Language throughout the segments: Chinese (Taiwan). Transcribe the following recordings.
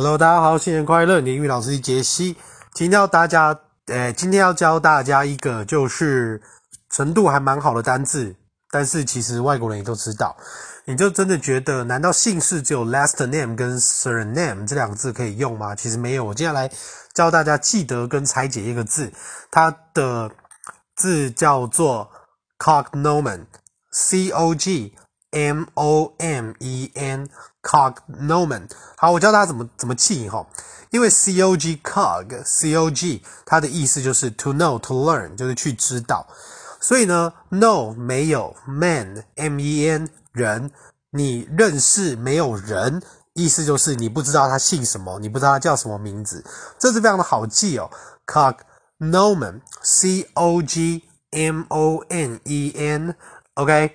Hello，大家好，新年快樂！你的英語老師杰西，今天要大家，誒、欸，今天要教大家一個，就是程度還蠻好的單字，但是其實外國人也都知道。你就真的覺得，難道姓氏只有 last name 跟 surname 這兩個字可以用嗎？其實沒有。我接下來教大家記得跟拆解一個字，它的字叫做 cognomen，C-O-G。O G, M O M E N Cognomen，好，我教大家怎麼怎麼記哈、哦。因為 C O G Cog C O G，它的意思就是 to know to learn，就是去知道。所以呢，no 沒有 man M E N 人，你認識沒有人，意思就是你不知道他姓什麼，你不知道他叫什麼名字，這是非常的好記哦。Cognomen C, omen, C O G M O N E N，OK，okay？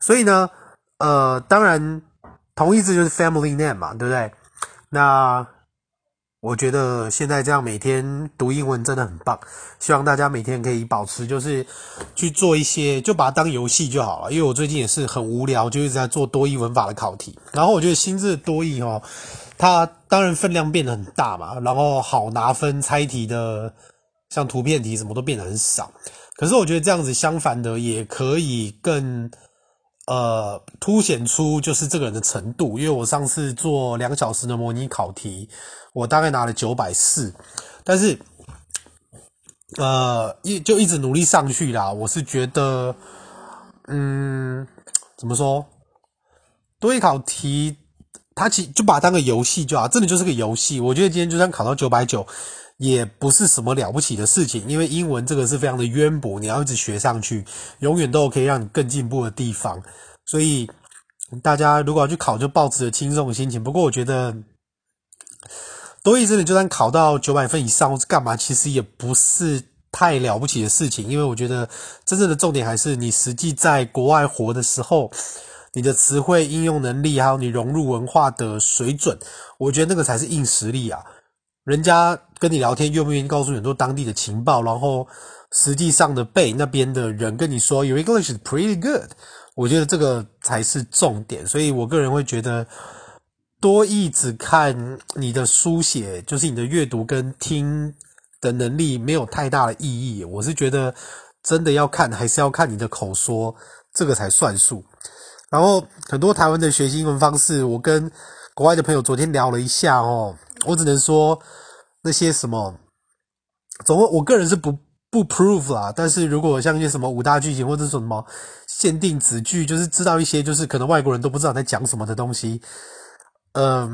所以呢。呃，當然，同義字就是 family name 嘛，對不對？那我覺得現在這樣每天讀英文真的很棒，希望大家每天可以保持，就是去做一些，就把它當遊戲就好了。因為我最近也是很無聊，就一直在做多益文法的考題。然後我覺得新制多益哦，它當然分量變得很大嘛，然後好拿分猜題的，像圖片題什麼都變得很少。可是我覺得這樣子相反的也可以更。呃，凸顯出就是這個人的程度，因為我上次做兩個小時的模擬考題，我大概拿了九百四，但是，呃，一就一直努力上去啦。我是覺得，嗯，怎麼說？多一考題，他其實就把它當個遊戲就好，這裡就是個遊戲。我覺得今天就算考到九百九。也不是什麼了不起的事情，因為英文這個是非常的淵博，你要一直學上去，永遠都可以讓你更進步的地方。所以大家如果要去考，就抱持着輕鬆的心情。不過我覺得多益你就算考到九百分以上，或是幹嘛，其實也不是太了不起的事情。因為我覺得真正的重點還是你實際在國外活的時候，你的詞彙應用能力，還有你融入文化的水準，我覺得那個才是硬實力啊。人家跟你聊天，願不願意告訴你很多當地的情報？然後實際上的被那邊的人跟你說，Your English is pretty good。我覺得這個才是重點，所以我個人會覺得多益只看你的書寫，就是你的閱讀跟聽的能力沒有太大的意義。我是覺得真的要看，還是要看你的口說，這個才算數。然後很多台灣的學習英文方式，我跟國外的朋友昨天聊了一下哦。我只能說，那些什麼，總我我個人是不不 prove 啦。但是如果像一些什麼五大劇情或者是什麼限定子句，就是知道一些就是可能外國人都不知道在講什麼的東西，嗯、呃，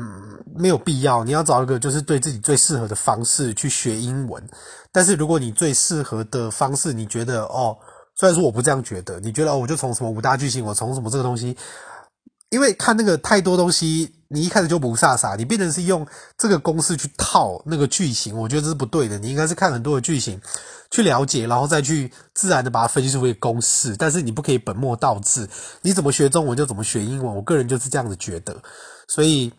沒有必要。你要找一個就是對自己最適合的方式去學英文。但是如果你最適合的方式，你覺得哦，雖然說我不這樣覺得，你覺得哦，我就從什麼五大劇情，我從什麼這個東西，因為看那個太多東西。你一開始就不傻傻，你變成是用這個公式去套那個句型，我覺得這是不對的。你應該是看很多的句型去了解，然後再去自然的把它分析出一個公式。但是你不可以本末倒置，你怎麼學中文就怎麼學英文。我個人就是這樣子覺得，所以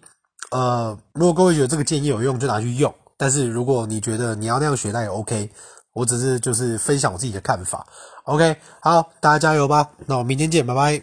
呃，如果各位覺得這個建議有用，就拿去用。但是如果你覺得你要那樣學，那也 OK。我只是就是分享我自己的看法。OK，好，大家加油吧。那我明天見，拜拜。